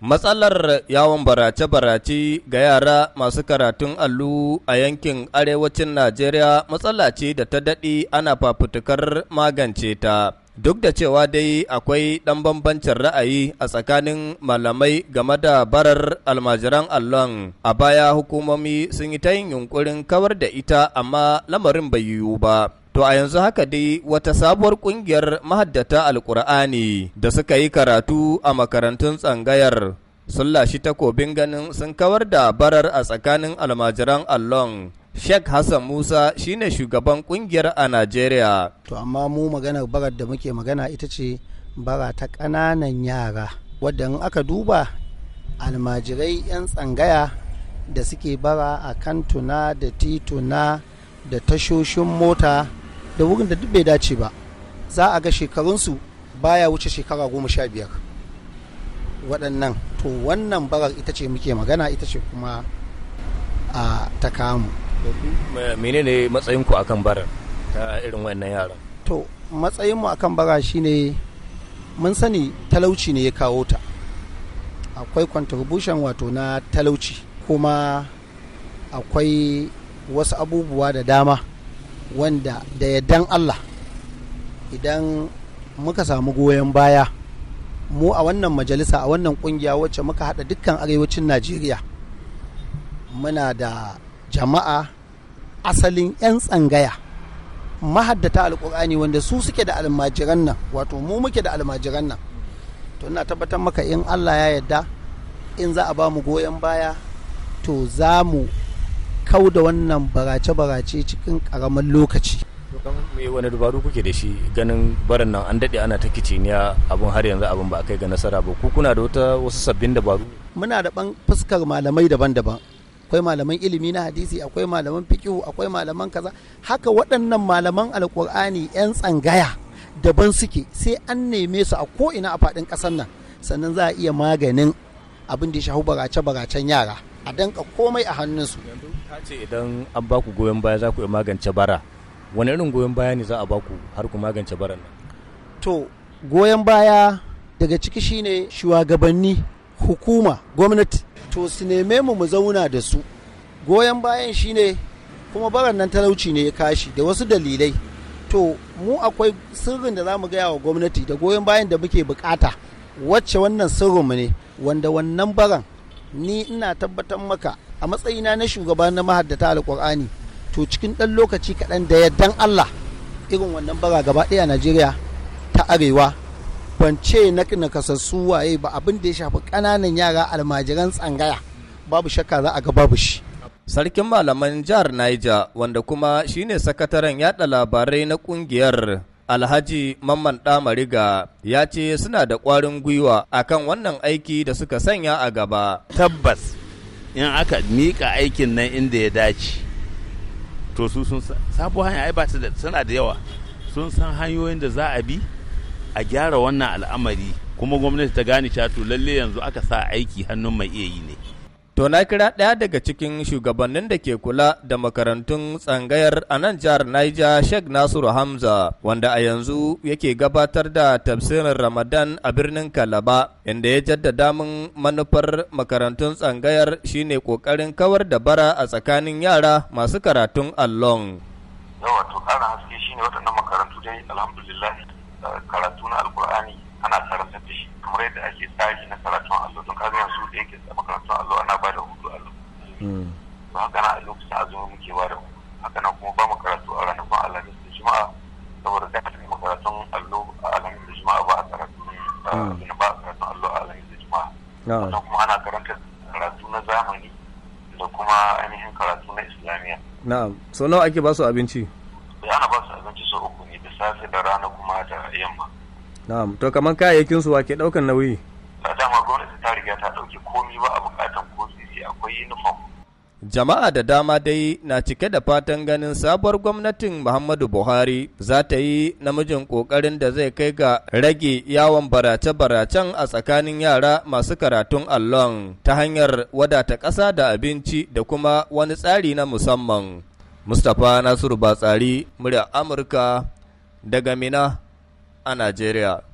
Matsalar yawon barace-barace ga yara masu karatun allu a yankin arewacin Najeriya matsala ce da ta daɗe ana fafutukar magance ta. Duk da cewa dai akwai ɗan bambancin ra'ayi a tsakanin malamai game da barar almajiran allon a baya hukumomi sun yi ta yin yunkurin kawar da ita amma lamarin bai yiwu ba. To a yanzu haka dai wata sabuwar ƙungiyar mahaddata alƙur'ani da suka yi karatu a makarantun tsangayar sun lashi takobin ganin sun kawar da barar a tsakanin almajiran allon Sheikh Hassan Musa shine shugaban ƙungiyar a Najeriya. To amma mu maganar barar da muke magana ita ce bara ta ƙananan yara wadda in aka duba almajirai 'yan tsangaya da suke bara a kantuna da tituna da tashoshin mota da wurin da duk bai dace ba za a ga shekarunsu baya wuce shekara goma sha biyar waɗannan to wannan barar ita ce muke magana ita ce kuma a ta kamu Mene ne matsayinku akan barar ta irin wannan yaran to matsayinmu akan bara shine mun sani talauci ne ya kawo ta akwai contribution wato na talauci kuma akwai wasu abubuwa da dama wanda da yardan Allah idan muka samu goyon baya mu a wannan majalisa a wannan kungiya wacce muka hada dukkan arewacin Najeriya muna da jama'a asalin 'yan tsangaya mahaddata alkur'ani wanda su suke da almajiran nan wato mu muke da almajiran nan to ina tabbatar maka in allah ya yadda in za a ba mu goyon baya to za mu kau da wannan barace-barace cikin karamin lokaci me wani dubaru kuke da shi ganin barin nan an daɗe ana ta kiciniya abin har yanzu abin ba a kai ga nasara ba ku kuna da wata wasu sabbin dabaru muna da ban fuskar malamai daban-daban akwai malaman ilimi na hadisi akwai malaman fikihu akwai malaman kaza haka waɗannan malaman alkur'ani 'yan tsangaya daban suke sai an neme su a ko ina a faɗin ƙasar nan sannan za a iya maganin abin da ya shahu barace-baracen yara a danka komai a hannunsu yanzu idan an ba ku goyon baya za ku magance bara wani irin goyon baya ne za a ba ku har ku magance baran nan to goyon baya daga ciki shine shugabanni hukuma gwamnati to su neme mu mu zauna da su goyon bayan shine kuma baran nan talauci ne ya kashi da wasu dalilai to mu akwai sirrin da za mu gaya wa gwamnati da goyon bayan da muke bukata wacce wannan sirrinmu ne wanda wannan baran ni ina tabbatar maka a matsayina na shugaba na mahaddata alkur'ani to cikin ɗan lokaci kaɗan da yardan allah irin wannan bara gaba ɗaya najeriya ta arewa ban ce na nakasassu waye ba abin da ya shafi ƙananan yara almajiran tsangaya babu shakka za a ga babu shi sarkin malaman jihar niger wanda kuma shine sakataren yada labarai na kungiyar Alhaji Mamman Damariga ya ce suna da ƙwarin gwiwa akan wannan aiki da suka sanya a gaba. Tabbas in aka miƙa aikin nan inda ya dace, to su sun sabo hanya ai ba su da suna da yawa sun san hanyoyin da za a bi a gyara wannan al'amari kuma gwamnati ta gane shatu lalle yanzu aka sa aiki hannun mai iya yi ne. To na kira ɗaya daga cikin shugabannin da ke kula da makarantun tsangayar a nan jihar Niger Sheikh Nasiru Hamza wanda a yanzu yake gabatar da tafsirin Ramadan a birnin Kalaba inda ya jaddada min manufar makarantun tsangayar shine kokarin kawar da bara a tsakanin yara masu karatun allon. Yawa to ƙara haske ne waɗannan makarantu dai alhamdulillah karatu na alkur'ani ana karanta da shi kamar yadda ake tsari na karatun allo don kaga yanzu da yake makarantun allo ana ba ba haka na a lokacin azumi muke ba da mu haka nan kuma ba mu karatu a ranakun alhamis da juma'a saboda da ka mu karatun allo a alhamis da juma'a ba a karatun hmm. ba a karatun allo a alhamis da juma'a ah. sannan kuma ana karanta karatu na zamani da kuma ainihin karatu na islamiyya na'am so nawa ake ba su abinci ya eh, ana ba su abinci sau uku ne da safe da rana kuma da yamma na'am to kamar kayayyakin su wake daukan nauyi a dama gwamnati ta riga ta dauke komi ba a bukatan ko sisi akwai uniform Jama'a da dama dai na cike da fatan ganin sabuwar gwamnatin Muhammadu Buhari za ta yi namijin ƙoƙarin da zai kai ga rage yawon barace-baracen a tsakanin yara masu karatun allon ta hanyar wadata ƙasa da abinci da kuma wani tsari na musamman. Mustapha Nasiru Batsari, murya Amurka daga Mina a Najeriya.